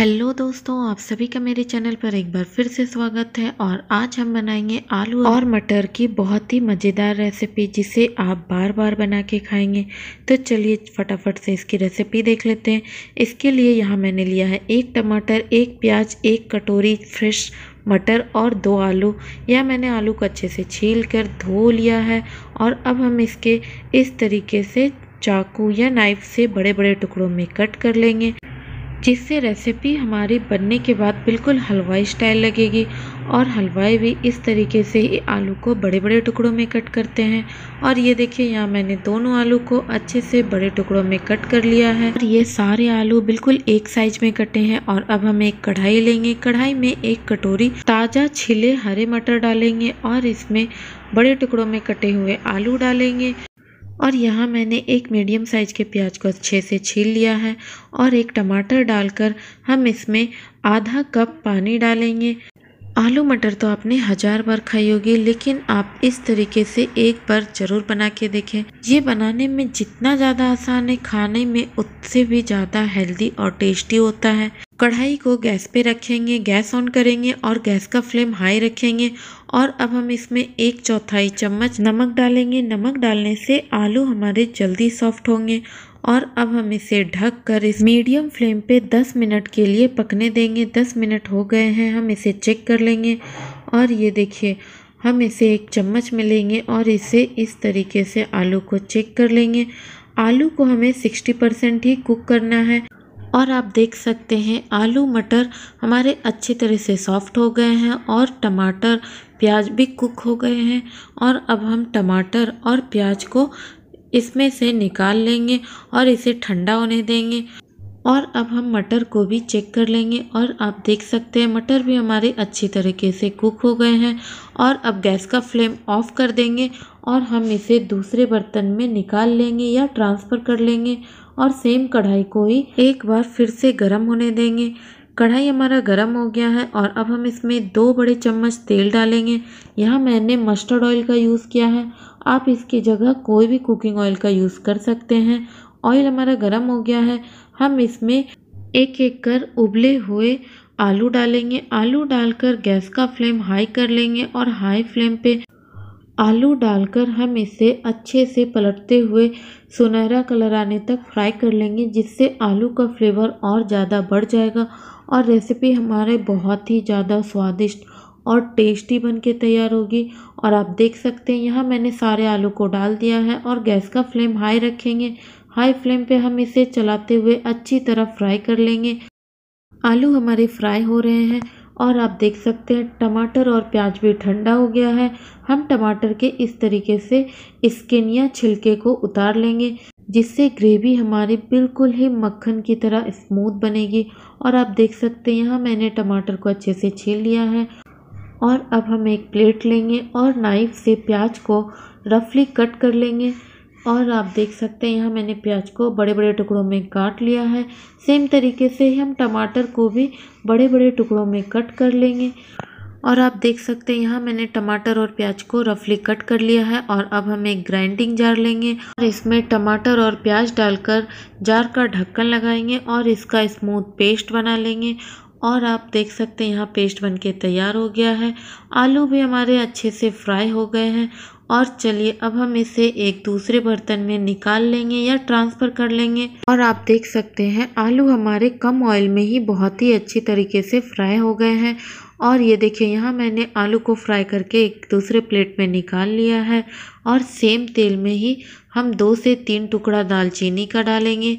hello दोस्तों आप सभी का मेरे चैनल पर एक बार फिर से स्वागत है और आज हम बनाएंगे आलू और मटर की बहुत ही मज़ेदार रेसिपी जिसे आप बार बार बना के खाएंगे तो चलिए फटाफट से इसकी रेसिपी देख लेते हैं इसके लिए यहाँ मैंने लिया है एक टमाटर एक प्याज एक कटोरी फ्रेश मटर और दो आलू या मैंने आलू को अच्छे से छील कर धो लिया है और अब हम इसके इस तरीके से चाकू या नाइफ से बड़े बड़े टुकड़ों में कट कर लेंगे जिससे रेसिपी हमारी बनने के बाद बिल्कुल हलवाई स्टाइल लगेगी और हलवाई भी इस तरीके से ही आलू को बड़े बड़े टुकड़ों में कट करते हैं और ये देखिए यहाँ मैंने दोनों आलू को अच्छे से बड़े टुकड़ों में कट कर लिया है और ये सारे आलू बिल्कुल एक साइज में कटे हैं और अब हम एक कढ़ाई लेंगे कढ़ाई में एक कटोरी ताज़ा छिले हरे मटर डालेंगे और इसमें बड़े टुकड़ों में कटे हुए आलू डालेंगे और यहाँ मैंने एक मीडियम साइज के प्याज को अच्छे से छील लिया है और एक टमाटर डालकर हम इसमें आधा कप पानी डालेंगे आलू मटर तो आपने हज़ार बार खाई होगी लेकिन आप इस तरीके से एक बार ज़रूर बना के देखें ये बनाने में जितना ज़्यादा आसान है खाने में उससे भी ज़्यादा हेल्दी और टेस्टी होता है कढ़ाई को गैस पे रखेंगे गैस ऑन करेंगे और गैस का फ्लेम हाई रखेंगे और अब हम इसमें एक चौथाई चम्मच नमक डालेंगे नमक डालने से आलू हमारे जल्दी सॉफ्ट होंगे और अब हम इसे ढक कर इस मीडियम फ्लेम पे 10 मिनट के लिए पकने देंगे 10 मिनट हो गए हैं हम इसे चेक कर लेंगे और ये देखिए हम इसे एक चम्मच में लेंगे और इसे इस तरीके से आलू को चेक कर लेंगे आलू को हमें 60 परसेंट ही कुक करना है और आप देख सकते हैं आलू मटर हमारे अच्छी तरह से सॉफ्ट हो गए हैं और टमाटर प्याज भी कुक हो गए हैं और अब हम टमाटर और प्याज को इसमें से निकाल लेंगे और इसे ठंडा होने देंगे और अब हम मटर को भी चेक कर लेंगे और आप देख सकते हैं मटर भी हमारे अच्छी तरीके से कुक हो गए हैं और अब गैस का फ्लेम ऑफ कर देंगे और हम इसे दूसरे बर्तन में निकाल लेंगे या ट्रांसफ़र कर लेंगे और सेम कढ़ाई को ही एक बार फिर से गर्म होने देंगे कढ़ाई हमारा गर्म हो गया है और अब हम इसमें दो बड़े चम्मच तेल डालेंगे यहाँ मैंने मस्टर्ड ऑयल का यूज़ किया है आप इसकी जगह कोई भी कुकिंग ऑयल का यूज़ कर सकते हैं ऑयल हमारा गर्म हो गया है हम इसमें एक एक कर उबले हुए आलू डालेंगे आलू डालकर गैस का फ्लेम हाई कर लेंगे और हाई फ्लेम पे आलू डालकर हम इसे अच्छे से पलटते हुए सुनहरा कलर आने तक फ्राई कर लेंगे जिससे आलू का फ्लेवर और ज़्यादा बढ़ जाएगा और रेसिपी हमारे बहुत ही ज़्यादा स्वादिष्ट और टेस्टी बन के तैयार होगी और आप देख सकते हैं यहाँ मैंने सारे आलू को डाल दिया है और गैस का फ्लेम हाई रखेंगे हाई फ्लेम पे हम इसे चलाते हुए अच्छी तरह फ्राई कर लेंगे आलू हमारे फ्राई हो रहे हैं और आप देख सकते हैं टमाटर और प्याज भी ठंडा हो गया है हम टमाटर के इस तरीके से स्किन या छिलके को उतार लेंगे जिससे ग्रेवी हमारी बिल्कुल ही मक्खन की तरह स्मूथ बनेगी और आप देख सकते हैं यहाँ मैंने टमाटर को अच्छे से छील लिया है और अब हम एक प्लेट लेंगे और नाइफ से प्याज को रफली कट कर लेंगे और आप देख सकते हैं यहाँ मैंने प्याज को बड़े-बड़े टुकड़ों में काट लिया है सेम तरीके से हम टमाटर को भी बड़े-बड़े टुकड़ों में कट कर लेंगे और आप देख सकते हैं यहाँ मैंने टमाटर और प्याज को रफली कट कर लिया है और अब हम एक ग्राइंडिंग जार लेंगे और इसमें टमाटर और प्याज डालकर जार का ढक्कन लगाएंगे और इसका स्मूथ पेस्ट बना लेंगे और आप देख सकते हैं यहाँ पेस्ट बनके तैयार हो गया है आलू भी हमारे अच्छे से फ्राई हो गए हैं और चलिए अब हम इसे एक दूसरे बर्तन में निकाल लेंगे या ट्रांसफर कर लेंगे और आप देख सकते हैं आलू हमारे कम ऑयल में ही बहुत ही अच्छी तरीके से फ्राई हो गए हैं और ये देखिए यहाँ मैंने आलू को फ्राई करके एक दूसरे प्लेट में निकाल लिया है और सेम तेल में ही हम दो से तीन टुकड़ा दालचीनी का डालेंगे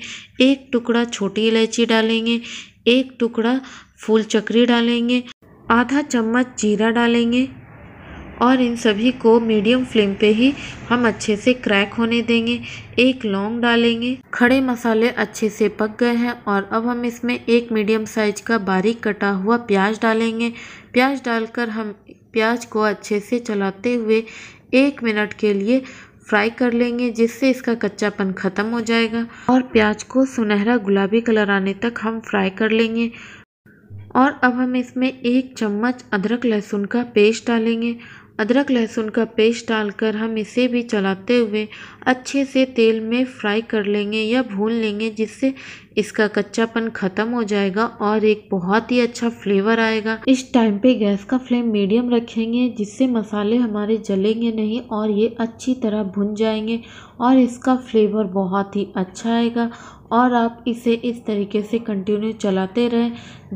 एक टुकड़ा छोटी इलायची डालेंगे एक टुकड़ा फूल चक्री डालेंगे आधा चम्मच जीरा डालेंगे और इन सभी को मीडियम फ्लेम पे ही हम अच्छे से क्रैक होने देंगे एक लौंग डालेंगे खड़े मसाले अच्छे से पक गए हैं और अब हम इसमें एक मीडियम साइज का बारीक कटा हुआ प्याज डालेंगे प्याज डालकर हम प्याज को अच्छे से चलाते हुए एक मिनट के लिए फ्राई कर लेंगे जिससे इसका कच्चापन ख़त्म हो जाएगा और प्याज को सुनहरा गुलाबी कलर आने तक हम फ्राई कर लेंगे और अब हम इसमें एक चम्मच अदरक लहसुन का पेस्ट डालेंगे अदरक लहसुन का पेस्ट डालकर हम इसे भी चलाते हुए अच्छे से तेल में फ्राई कर लेंगे या भून लेंगे जिससे इसका कच्चापन ख़त्म हो जाएगा और एक बहुत ही अच्छा फ्लेवर आएगा इस टाइम पे गैस का फ्लेम मीडियम रखेंगे जिससे मसाले हमारे जलेंगे नहीं और ये अच्छी तरह भुन जाएंगे और इसका फ्लेवर बहुत ही अच्छा आएगा और आप इसे इस तरीके से कंटिन्यू चलाते रहें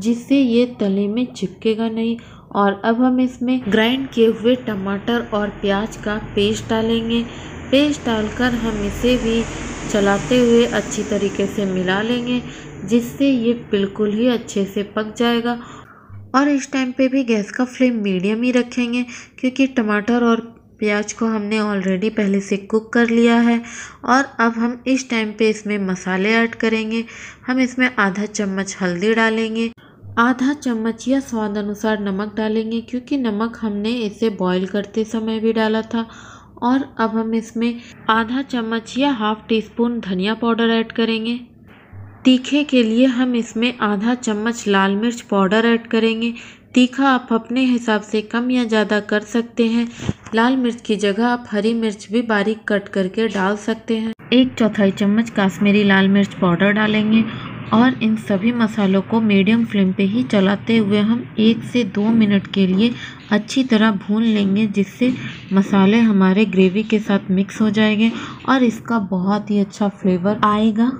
जिससे ये तले में चिपकेगा नहीं और अब हम इसमें ग्राइंड किए हुए टमाटर और प्याज का पेस्ट डालेंगे पेस्ट डालकर हम इसे भी चलाते हुए अच्छी तरीके से मिला लेंगे जिससे ये बिल्कुल ही अच्छे से पक जाएगा और इस टाइम पे भी गैस का फ्लेम मीडियम ही रखेंगे क्योंकि टमाटर और प्याज को हमने ऑलरेडी पहले से कुक कर लिया है और अब हम इस टाइम पे इसमें मसाले ऐड करेंगे हम इसमें आधा चम्मच हल्दी डालेंगे आधा चम्मच या स्वाद अनुसार नमक डालेंगे क्योंकि नमक हमने इसे बॉईल करते समय भी डाला था और अब हम इसमें आधा चम्मच या हाफ टी स्पून धनिया पाउडर ऐड करेंगे तीखे के लिए हम इसमें आधा चम्मच लाल मिर्च पाउडर ऐड करेंगे तीखा आप अपने हिसाब से कम या ज़्यादा कर सकते हैं लाल मिर्च की जगह आप हरी मिर्च भी बारीक कट करके डाल सकते हैं एक चौथाई चम्मच काश्मीरी लाल मिर्च पाउडर डालेंगे और इन सभी मसालों को मीडियम फ्लेम पे ही चलाते हुए हम एक से दो मिनट के लिए अच्छी तरह भून लेंगे जिससे मसाले हमारे ग्रेवी के साथ मिक्स हो जाएंगे और इसका बहुत ही अच्छा फ्लेवर आएगा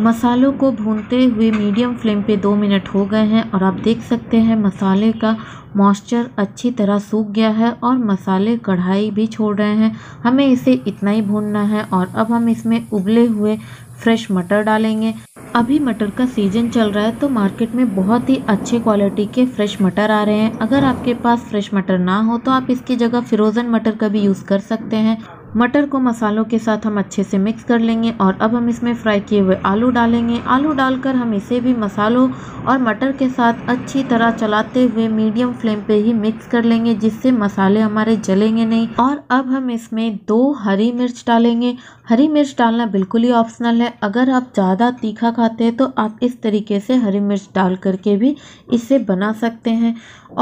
मसालों को भूनते हुए मीडियम फ्लेम पे दो मिनट हो गए हैं और आप देख सकते हैं मसाले का मॉइस्चर अच्छी तरह सूख गया है और मसाले कढ़ाई भी छोड़ रहे हैं हमें इसे इतना ही भूनना है और अब हम इसमें उबले हुए फ्रेश मटर डालेंगे अभी मटर का सीजन चल रहा है तो मार्केट में बहुत ही अच्छे क्वालिटी के फ्रेश मटर आ रहे हैं अगर आपके पास फ्रेश मटर ना हो तो आप इसकी जगह फ्रोज़न मटर का भी यूज़ कर सकते हैं मटर को मसालों के साथ हम अच्छे से मिक्स कर लेंगे और अब हम इसमें फ्राई किए हुए आलू डालेंगे आलू डालकर हम इसे भी मसालों और मटर के साथ अच्छी तरह चलाते हुए मीडियम फ्लेम पे ही मिक्स कर लेंगे जिससे मसाले हमारे जलेंगे नहीं और अब हम इसमें दो हरी मिर्च डालेंगे हरी मिर्च डालना बिल्कुल ही ऑप्शनल है अगर आप ज़्यादा तीखा खाते हैं तो आप इस तरीके से हरी मिर्च डाल करके भी इसे बना सकते हैं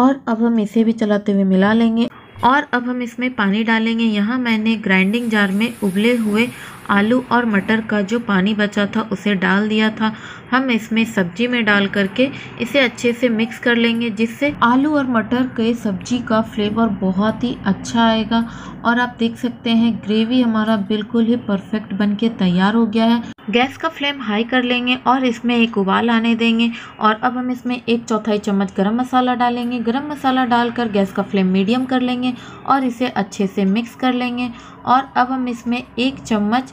और अब हम इसे भी चलाते हुए मिला लेंगे और अब हम इसमें पानी डालेंगे यहाँ मैंने ग्राइंडिंग जार में उबले हुए आलू और मटर का जो पानी बचा था उसे डाल दिया था हम इसमें सब्जी में डाल करके इसे अच्छे से मिक्स कर लेंगे जिससे आलू और मटर के सब्जी का फ्लेवर बहुत ही अच्छा आएगा और आप देख सकते हैं ग्रेवी हमारा बिल्कुल ही परफेक्ट बन के तैयार हो गया है गैस का फ्लेम हाई कर लेंगे और इसमें एक उबाल आने देंगे और अब हम इसमें एक चौथाई चम्मच गरम मसाला डालेंगे गरम मसाला डालकर गैस का फ्लेम मीडियम कर लेंगे और इसे अच्छे से मिक्स कर लेंगे और अब हम इसमें एक चम्मच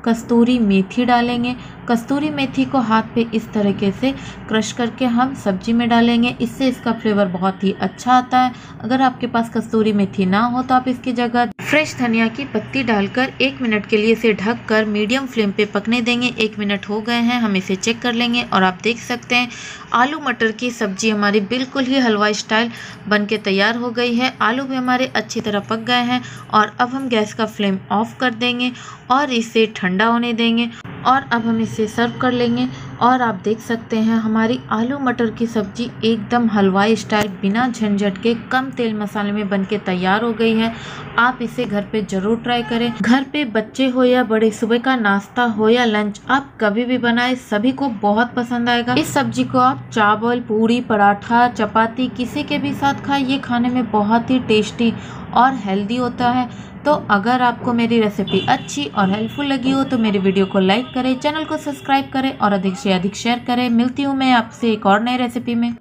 कस्तूरी मेथी डालेंगे कस्तूरी मेथी को हाथ पे इस तरीके से क्रश करके हम सब्जी में डालेंगे इससे इसका फ्लेवर बहुत ही अच्छा आता है अगर आपके पास कस्तूरी मेथी ना हो तो आप इसकी जगह फ्रेश धनिया की पत्ती डालकर एक मिनट के लिए इसे ढक कर मीडियम फ्लेम पे पकने देंगे एक मिनट हो गए हैं हम इसे चेक कर लेंगे और आप देख सकते हैं आलू मटर की सब्जी हमारी बिल्कुल ही हलवा स्टाइल बन के तैयार हो गई है आलू भी हमारे अच्छी तरह पक गए हैं और अब हम गैस का फ्लेम ऑफ कर देंगे और इसे ठंड ठंडा होने देंगे और अब हम इसे सर्व कर लेंगे और आप देख सकते हैं हमारी आलू मटर की सब्ज़ी एकदम हलवाई स्टाइल बिना झंझट के कम तेल मसाले में बनके तैयार हो गई है आप इसे घर पे ज़रूर ट्राई करें घर पे बच्चे हो या बड़े सुबह का नाश्ता हो या लंच आप कभी भी बनाए सभी को बहुत पसंद आएगा इस सब्जी को आप चावल पूरी पराठा चपाती किसी के भी साथ खाए ये खाने में बहुत ही टेस्टी और हेल्दी होता है तो अगर आपको मेरी रेसिपी अच्छी और हेल्पफुल लगी हो तो मेरी वीडियो को लाइक करें चैनल को सब्सक्राइब करें और अधिक से अधिक शेयर करें मिलती हूँ मैं आपसे एक और नई रेसिपी में